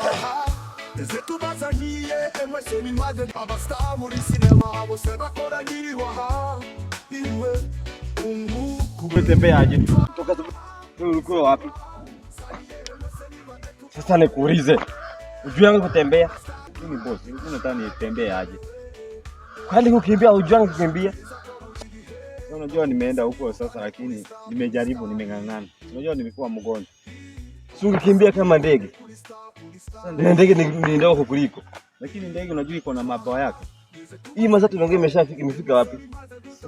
Aha, zitubazahiye emwese nimaze abasamuri sinema abo serakoranyiriwa aha iwe ungu kutembeaje kutoka ulikuwa wapi? Sasa nikuulize, ujui yangu kutembea mimi bosi, unataka nitembee aje? Kwani kukimbia ujui yangu kukimbia? Unajua nimeenda huko sasa, lakini nimejaribu, nimeng'ang'ana. Unajua nimekuwa mgonjwa, si ungekimbia kama ndege na ndege ni ndogo kuliko, lakini ndege unajua iko na mabawa yake. Hii masaa tunaongea imeshafika, imefika wapi?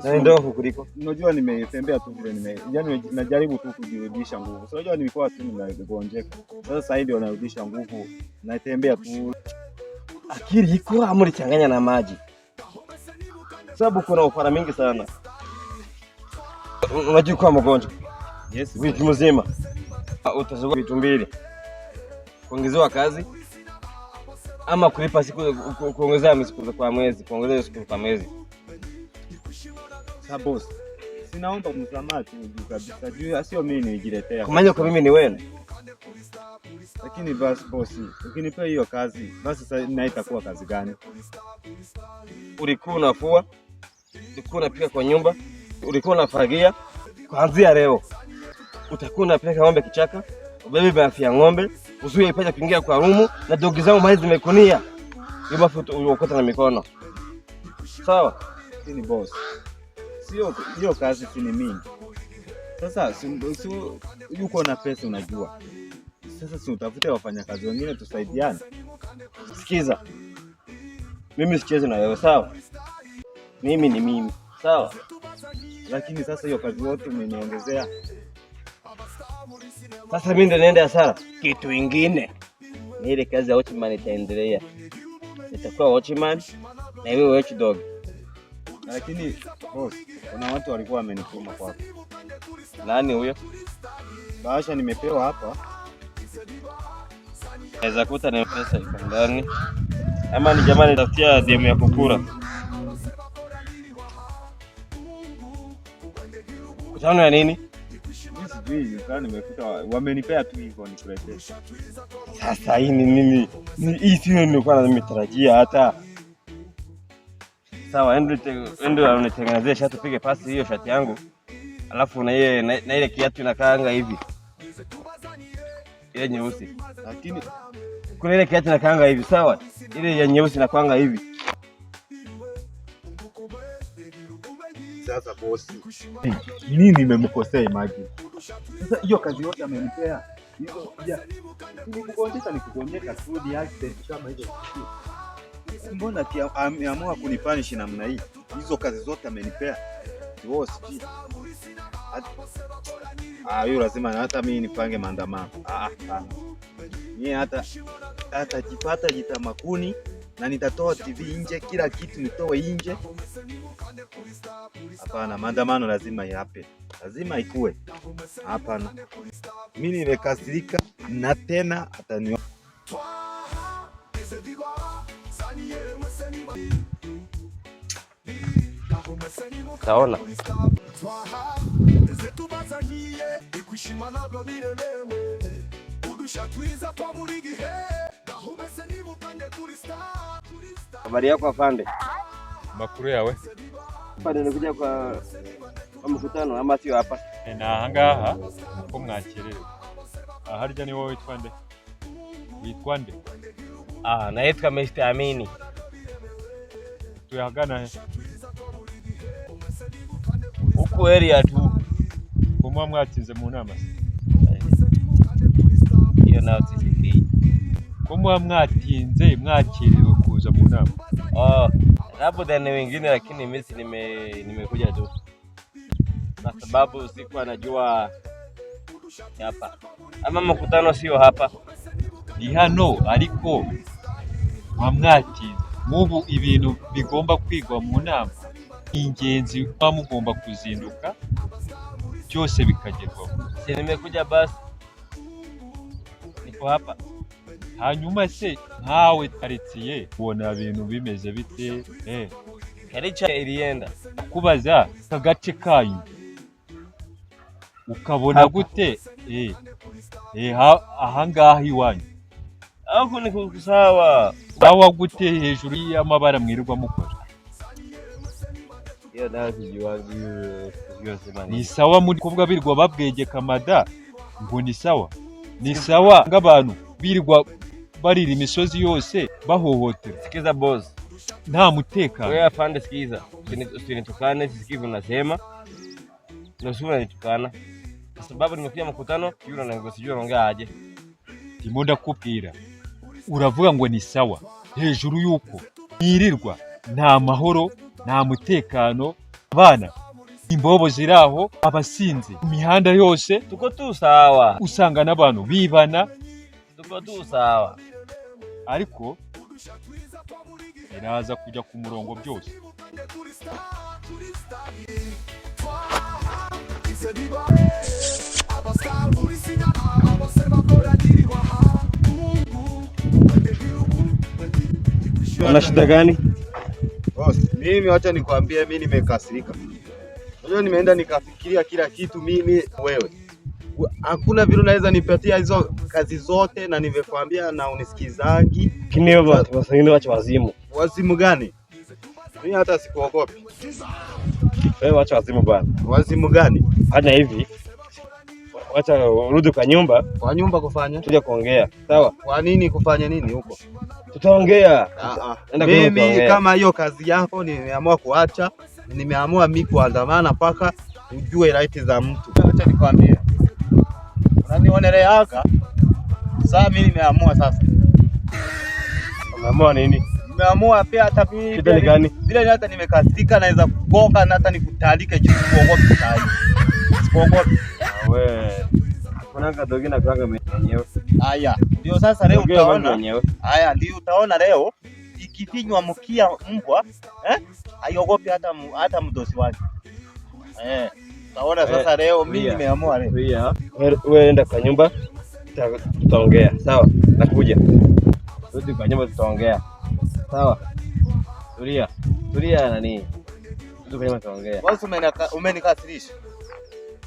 Na ni ndogo kuliko. Unajua nimetembea tu vile nime, Yaani najaribu tu kujirudisha nguvu. So unajua nilikuwa tu nimegonjeka, sasa sasa ndio wanarudisha nguvu, natembea tu. Akili iko amri changanya na maji, sababu kuna ufara mingi sana. Unajua kwa mgonjwa yes, wiki mzima utazoea vitu mbili kuongezewa kazi ama kulipa siku kuongezewa siku kwa mwezi, kuongezewa siku kwa mwezi. Sabosi, sinaomba msamaha tu juu kabisa, juu sio mimi nijiletea. Kumanya kwa mimi ni wewe. Lakini basi bosi, ukinipa hiyo kazi basi sasa na itakuwa kazi gani? Ulikuwa unafua, ulikuwa unapika kwa nyumba, ulikuwa unafagia. Kuanzia leo utakuwa unapeleka ng'ombe kichaka, ubebe baadhi ya ng'ombe uzuie panya kuingia kwa rumu, na dogi zangu mali zimekunia bafu uliokota na mikono sawa. Ni boss, sio hiyo kazi tu ni mingi. Sasa yuko na pesa, unajua sasa, si utafute wafanyakazi wengine tusaidiane. Sikiza, mimi sicheze na wewe sawa, mimi ni mimi sawa, lakini sasa hiyo kazi wote umeniongezea sasa mimi ndo naenda hasara. Kitu ingine ni ile kazi ya watchman itaendelea, itakuwa watchman na wewe watchdog. Lakini boss, kuna watu walikuwa wamenituma kwako. Nani huyo? Bahasha nimepewa hapa, naweza kuta na pesa iko ndani, ama ni jamani, tafutia DM ya kukura kutano ya nini? Sasa hii ni nini? Hii sio nilikuwa nimetarajia hata. Sawa, ende unitengenezee shati, pige pasi hiyo shati yangu, alafu na ile na ile kiatu inakaanga hivi ile nyeusi, lakini kuna ile kiatu inakaanga hivi. Sawa, ile ya nyeusi inakaanga hivi. Sasa bosi, nini nimemkosea? Imagine sasa hiyo kazi yote amempea nikugonjeka, nikugonjeka food accident kama hizo. Mbona pia ameamua kunipanishi namna hii? Hizo kazi zote amenipea huyo, ah, lazima hata mimi nipange maandamano. Ah, mimi hata hata jipata jitamakuni na nitatoa TV nje, kila kitu nitoe nje. Hapana, maandamano lazima yape, lazima ikue. Hapana, mimi nimekasirika na tena atani taona habari yako afande Makurea we hapa nimekuja kwa mkutano ama sio hapa? Na hangaha ko mwakererewe. Ah, Harya ni wowe witwa nde? Witwa nde? Ah, naitwa Mr. Amini. Tuyagana he? Huku area tu. Kumwa mwatinze mu nama se? Iyo nayo tizikiri. Kumwa mwatinze mwakererewe za Munamo. Oh, ah, labda dhani wengine, lakini mimi nime nimekuja tu kwa sababu siku anajua hapa ama mkutano sio hapa ni hano ariko wamwati mubu ibintu bigomba kwigwa mu nama ingenzi kwa mugomba kuzinduka byose bikagerwaho. Nimekuja basi, niko hapa. hanyuma se nkawe karitsiye ubona ibintu bimeze bite eh. Karica Elienda kubaza kagace kanyu ukabona gute eh eh ahangaha iwanyu aho ni kusawa sawa gute hejuru y'amabara mwirirwa mukora ni sawa muri kuvuga birwa babwegeka mada ngo ni sawa ni sawa nk'abantu birwa barira imisozi yose bahohotera. Sikiza bozi, nta mutekano. Wewe afande, sikiza, usinitukane, sikivu na usiwe unanitukana kwa sababu nimekuja mkutano, yule anaongea, sijui anaongea aje. Ndimo ndakubwira, uravuga ngo ni sawa, hejuru yuko yirirwa nta mahoro nta mutekano, abana imbobo ziraho, abasinzi ku yose, tuko tu usanga n'abantu bibana tuba dusaba ariko biraza kujya ku murongo byose Una shida gani? Mimi wacha nikwambie, mimi nimekasirika. Unajua nimeenda nikafikiria kila kitu mimi wewe hakuna vile unaweza nipatia hizo kazi zote, na nimekwambia na unisikizagi. Lakini wacha wazimu. Wazimu gani? Mimi hata sikuogopi wewe, wacha wazimu bwana. Wazimu gani? Fanya hivi, wacha urudi kwa nyumba, kwa nyumba kufanya, Tuja kuongea, sawa? Kwa nini kufanya nini huko? Tutaongea. Ah, ah. Mimi kama hiyo kazi yako nimeamua kuacha, nimeamua mimi kuandamana mpaka ujue right za mtu. Acha nikwambie anionelee haka. Sasa mimi nimeamua sasa. Umeamua nini? Nimeamua pia hata mimi. Shida ni gani? Bila ni hata nimekasika naweza kugonga na hata nikutalike juu kuogopa kitai. Sikuogopi. Ah, Wewe. Kuna kadogi na kanga mwenyewe. Haya, ndio sasa leo utaona. Haya, ndio utaona leo ikifinywa mkia mbwa, eh? Haiogopi hata hata mdosi wake. Eh. Naona sasa leo eh, mimi nimeamua leo. Ria. Wewe enda kwa nyumba tutaongea. Sawa? Nakuja. Rudi kwa nyumba tutaongea. Sawa? Tulia. Tulia nani? Rudi kwa nyumba tutaongea. Wewe umenikasirisha.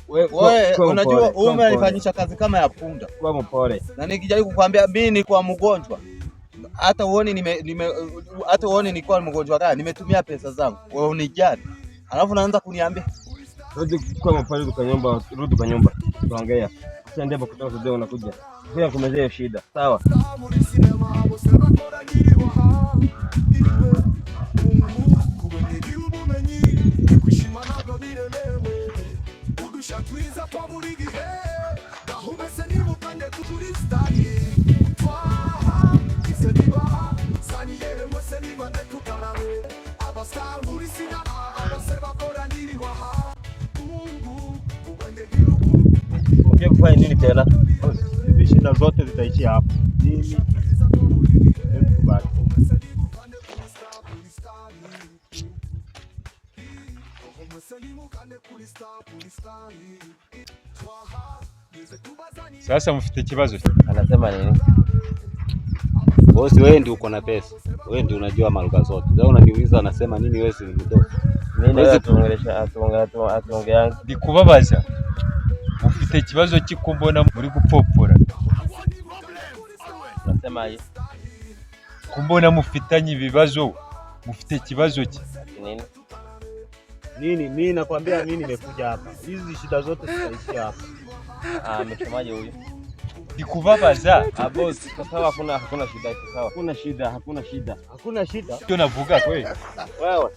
Wewe unajua ume alifanyisha kazi kama ya punda. Kwa mpole. Na nikijaribu kukwambia mimi ni kwa mgonjwa. Hata uone nime, nime hata uone ni kwa mgonjwa gani? Nimetumia pesa zangu. Wewe unijali. Alafu naanza kuniambia kwa pale duka nyumba, rudi kwa nyumba. Tuongea. Sasa ndio kutoka leo unakuja. Kwa kumezea shida. Sawa. Tunakuja kufanya nini tena? Hivi shida zote zitaishia hapa. Sasa mfite kibazo. Anasema nini? Bosi, wewe ndio uko na pesa, wewe ndio unajua maruga zote. Sasa unaniuliza anasema nini? Wewe si mdogo. Mimi ndio tuongelea tuongelea tuongelea. Nikubabaza ufite ikibazo kikumbona muri gupfopfora kumbona mufitanye ibibazo mufite kibazo ki nini nini? Mimi nakwambia mimi nimekuja hapa, hizi shida zote zitaishi hapa. Ah, msemaji huyu nikubabaza abosi? Ah, hakuna hakuna shida, sawa, hakuna shida, hakuna shida, hakuna shida. Ndio navuga kweli wewe.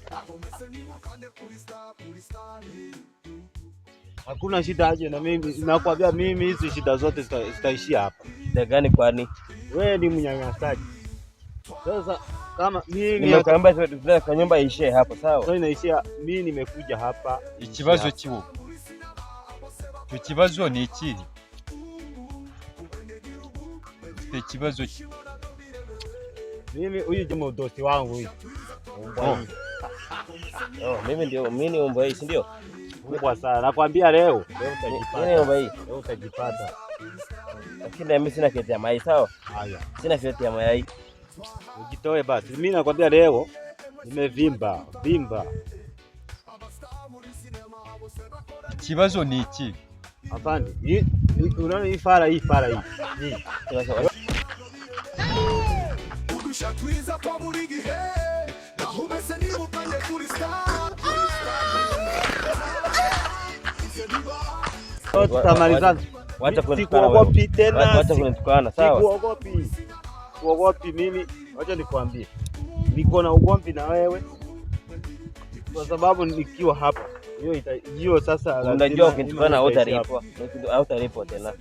Hakuna shida, aje na mimi. Nakwambia mimi hizi shida zote zitaishia hapa. Shida gani? Kwani wewe ni mnyanyasaji? Sasa kama mimi nimekuambia kwa nyumba iishie hapa, sawa? Sasa inaishia mimi, nimekuja hapa. Ikibazo kiwo cyo kibazo ni iki? Ikibazo mimi huyu jamaa dosi wangu huyu. Oh, Oh, mimi ndio mimi ni umbo hii, ndio? kubwa sana, nakwambia leo leo utajipata. Lakini mimi sina kitu ya mayai, sawa? Haya, sina kitu ya mayai, ujitoe basi. Mimi nakwambia leo nimevimba vimba. Kibazo ni iki Afande, unaona hii fara hii fara hii Sikuogopi tena, sikuogopi, sikuogopi mimi. Wacha nikwambie, niko na ugomvi na wewe kwa sababu nikiwa hapa hiyo sasa, unajua ukitukana hautalipwa tena.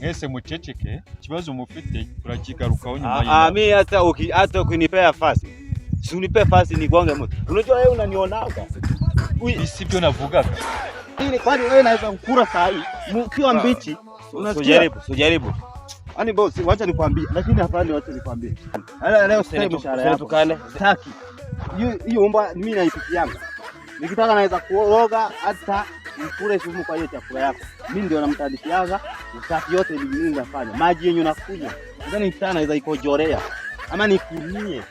Mwese oh. muceceke kibazo mufite urakigarukaho ah, nyuma. Ah, mimi hata ukinipea fasi, usinipe fasi nigonge mtu. Unajua wewe unanionaga isivyo navugaga. Kwani wewe naweza kukula saa hii ukiwa ah. mbichi? Unajaribu, unajaribu. Yaani bosi, wacha nikwambie, lakini hapana, wacha nikwambie. Ala leo sasa mshahara yako. Tukane. Sitaki. Hiyo hiyo mimi na Nikitaka naweza kuoga hata mkule sumu kwa hiyo chakula yako. Mimi ndio namtadishiaga, usafi yote ni mimi nafanya. Maji yenyewe nakunywa. Nadhani sana naweza ikojorea. Ama nikunyie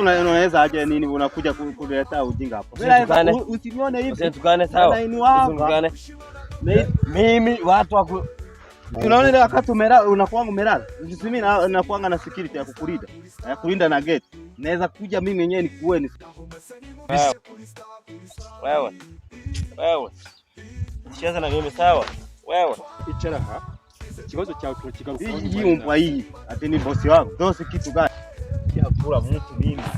unaweza aje nini, unakuja kuleta ujinga hapo. Usinione hivi. Mimi watu waku Unaona ile wakati unakuanga umelala, mimi nakuanga na security ya kukulinda ya kulinda na gate. Naweza kuja mimi mwenyewe nikuue. Wewe wewe, cheza na mimi sawa? Wewe ichera ha kibazo cha kuchika hii umbwa hii, ati ni bosi wako dosi kitu gani? gukura mu tubindi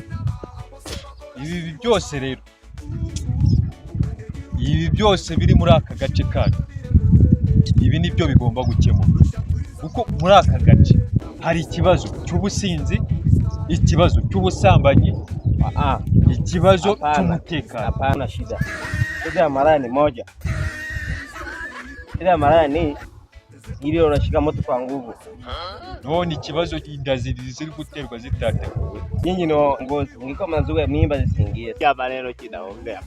ibi byose rero ibi byose biri muri aka gace kanyu ibi ni nibyo bigomba gukemura kuko muri aka gace hari ikibazo cy'ubusinzi ikibazo cy'ubusambanyi ikibazo cy'umutekano hapana shida ile ya moja ile ya Hilo unashika kwa nguvu. None ikibazo indazi ziri guterwa zitateguwe nyinyi no ngozi ngiko mazuga ya mimba zisingie ya maneno kinaongea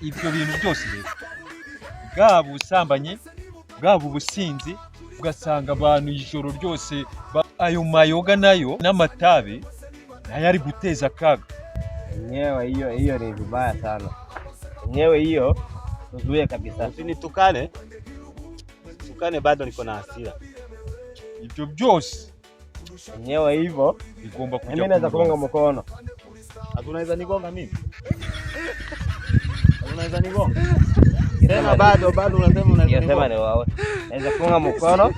ibyo bintu byose bwaba ubusambanyi bwaba ubusinzi ugasanga abantu ijoro ryose ayo mayoga nayo n'amatabe nayo ari guteza akaga nyewe iyo hiyo ni vibaya sana nyewe hiyo Tuzuie kabisa. Usinitukane. Tukane bado niko na hasira. YouTube Joss. Nyewe hivyo. Nikuomba kuja. Mimi naweza kugonga mkono. Hatunaweza nigonga mimi? Unaweza nigonga? Tena bado bado unasema unaweza. Unasema ni wao. Naweza kugonga mkono.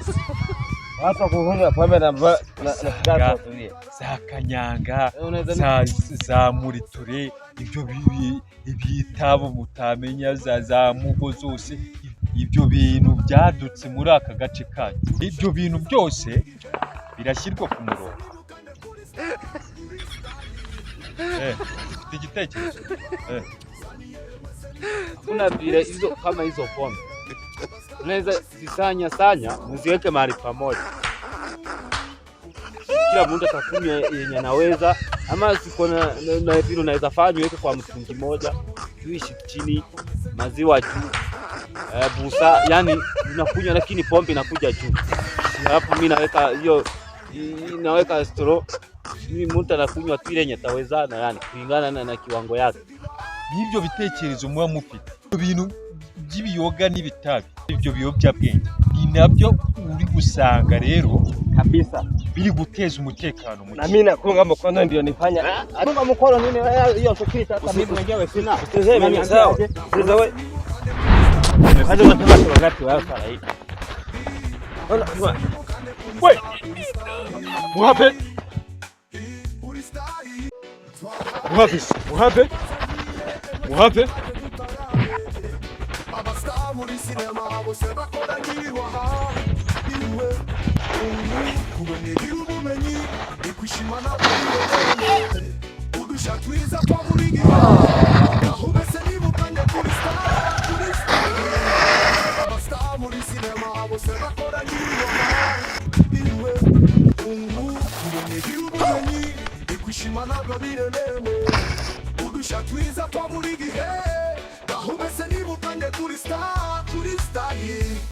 za kanyanga za muriture ibyo ibitabo mutamenya za za mugo zose ibyo bintu byadutse muri aka gace kanyu ibyo bintu byose birashyirwa ku murongo eh, igitekerezo eh. izo kama izo pome unaweza zisanya sanya muziweke mahali pamoja, kila mtu atakunywa yenye anaweza, ama siko na vile unaweza fanya weke kwa mtungi moja, kiwishi chini, maziwa juu, e, busa, yani unakunywa, lakini pombe inakuja juu. Hapo mimi naweka hiyo, naweka stro, mimi mtu anakunywa tu ile yenye atawezana, yani kulingana na kiwango yake. Nibyo bitekerezo mwa mufite bintu by'ibiyoga n'ibitabi ibyo biyobyabwenge ni nabyo uri gusanga rero kabisa biri guteza umutekano muke. Na nakunga mkono nifanya. Eh? Nakunga mkono nini eh, hiyo security hata mwenyewe sina. Tazame mimi sawa. Sasa wewe Kaje unataka gati wao sala hii. Ona kwa. Wewe. Wapi? Wapi? Wapi? Wapi? muri sinema bose bakoranyiriwe aha iwe kubonera ubumenyi ni kwishimana buri udusha twiza two muri gihe aho bese nibukanye kuri star kuri star muri sinema bose bakoranyiriwe aha iwe kubonera ubumenyi ni kwishimana buri newe udusha twiza two muri gihe aho bese nibukanye por estar, por estar aí.